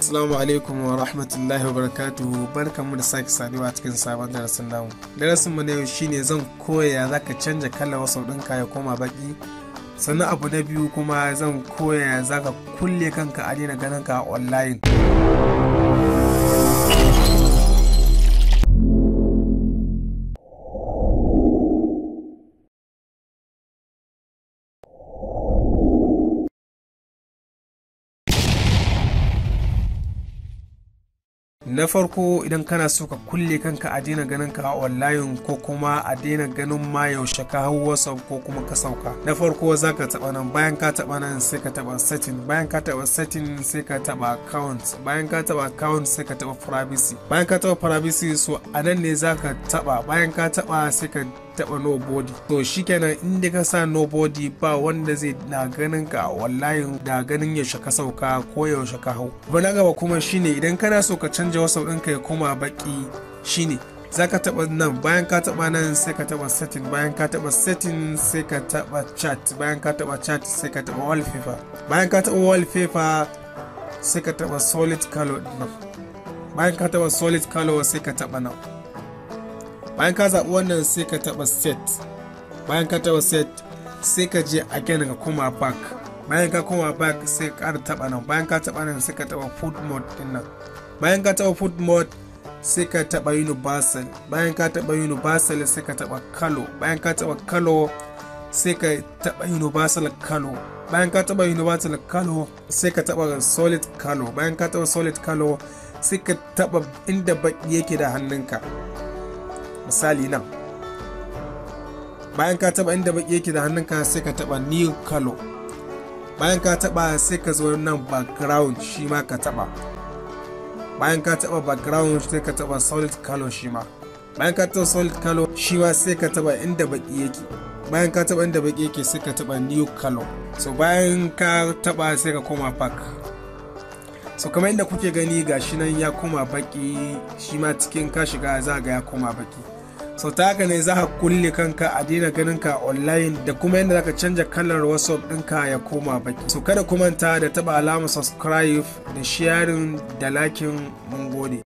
Assalamu alaikum wa rahmatullahi wa barakatuhu barkanmu da sake saduwa cikin sabon darasin namu. Darasin mu na yau shine zan koya zaka canja kalar wasu ɗinka ya koma baki. Sannan abu na biyu kuma zan koya zaka kulle kanka a daina ganin ka online. na farko idan kana so ka kulle kanka a daina ganin ka online ko kuma a daina ganin ma yaushe ka hau whatsapp ko kuma ka sauka na farko za ka taba nan bayan ka taba nan sai ka taba setting bayan ka taba setting sai ka taba account bayan ka taba account sai ka taba privacy bayan ka taba privacy so a nan ne za ka taba bayan ka taba sai ka taba nobody to shikenan in da ka sa nobody ba wanda zai na ganin ka wallahi da ganin ya shaka sauka ko yaushe ka hau ba na gaba kuma shine idan kana so ka canja wasu ɗinka ya koma baki shine za ka taɓa nan bayan ka taɓa nan sai ka taɓa setting bayan ka taɓa setting sai ka taɓa chat bayan ka taɓa chat sai ka taɓa wallpaper bayan ka taɓa wallpaper sai ka taɓa solid color bayan ka taɓa solid color sai ka taɓa nan bayan ka zaɓi wannan sai ka taɓa set bayan ka taɓa set sai ka je gina ka koma back bayan ka koma back sai ka ƙara taɓa nan bayan ka taɓa nan sai ka taɓa food mode din nan bayan ka taɓa food mode sai ka taɓa universal bayan ka taɓa universal sai ka taɓa kalo bayan ka taɓa kalo sai ka taɓa universal kalo bayan ka taɓa universal kalo sai ka taɓa solid kalo bayan ka taɓa solid kalo sai ka taɓa inda baƙi yake da hannunka misali nan bayan ka taba inda baki yake da hannunka sai ka taba new color bayan ka taba sai ka zo nan background shi ma ka taba bayan ka taba background sai ka taba solid color shi ma bayan ka taba solid color shi ma sai ka taba inda baki yake bayan ka taba inda baki yake sai ka taba new color so bayan ka taba sai ka koma pack so kamar inda kuke gani gashi nan ya koma baki shi ma cikin ka shiga za ga ya koma baki sau ta ne za ka kulle kanka a daina ganin ka online da kuma yadda za ka canja kalar whatsapp ɗinka ya koma baki so kada kumanta da taba alamar subscribe da sharing da lakin mun gode